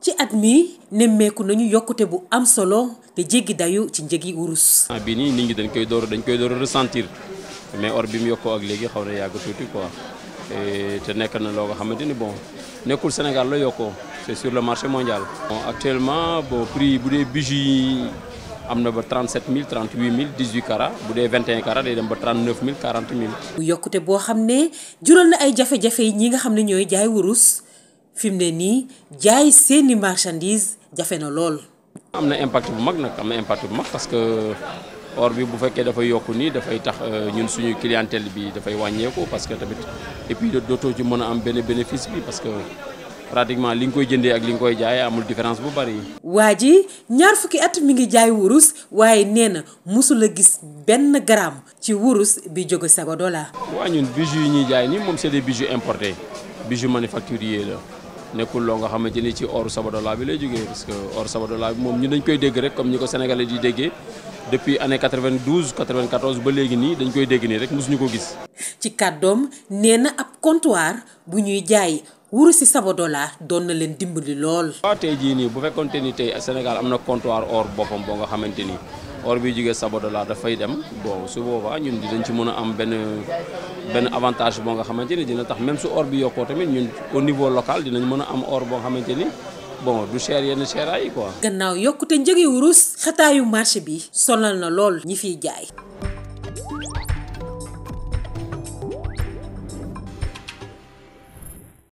ci at mi nemmeeku nañu yokkute bu am solo te jéggi dayu ci njëgi wurus. ah bii nii nit ñi dañ koy door dañ koy door resentir mais or bi mu yokkoo ak léegi xaw na yàgg tuuti quoi te nekk na loo nga xamante ni bon nekkul Sénégal la yokkoo sur le marché mondial. bon actuellement bon prix bu dee bijou yi am na ba 37 000 38 000 18 carats bu dee 21 carats day dem ba 39 000 40 000. yokkute boo xam ne jural na ay jafe-jafe yi ñi nga xam ne ñooy jaay wurus fi mu ne nii jaay seeni marchandise jafe na lool. am na impact bu mag nag am na impact bu mag parce que or bi bu fekkee dafay yokk nii dafay tax euh, ñun suñu clientèle bi dafay wàññeeku parce que tamit et puis dootoo ci mën a am benn bénéfice bi parce que. pratiquement li nga koy jëndee ak li nga koy jaay amul différence bu bari. waa ji ñaar fukki at mi ngi jaay wurus waaye nee na mosul a gis benn gramme ci wurus bi jóge Ségodo la. waa ñun bijoux yi ñuy jaay nii moom c'est des bijoux importés bijoux la. nekkul loo nga xamante ni ci or Sabadola bi lay jógee parce que or Sabadola bi moom ñu dañ koy dégg rek comme ñi ko sénégalais di déggee depuis année 92 94 ba léegi nii dañ koy dégg nii rek mosuñu ko gis. ci wuru si Sabodala doon na leen dimbali lool. waaw tey jii nii bu fekkonte ni tey Sénégal am na comptoir or boppam boo nga xamante ni or bi jógee Sabodala dafay dem bon su boobaa ñun dinañ ci mën a am benn benn avantage boo nga xamante ni dina tax même su or bi yokkoo tamit ñun au niveau local dinañ mën a am or boo xamante ni. bon du cher yenn cheraay yi quoi. gannaaw yokkute njëgi wurus xataayu marché bi sonal na lool ñi fiy jaay.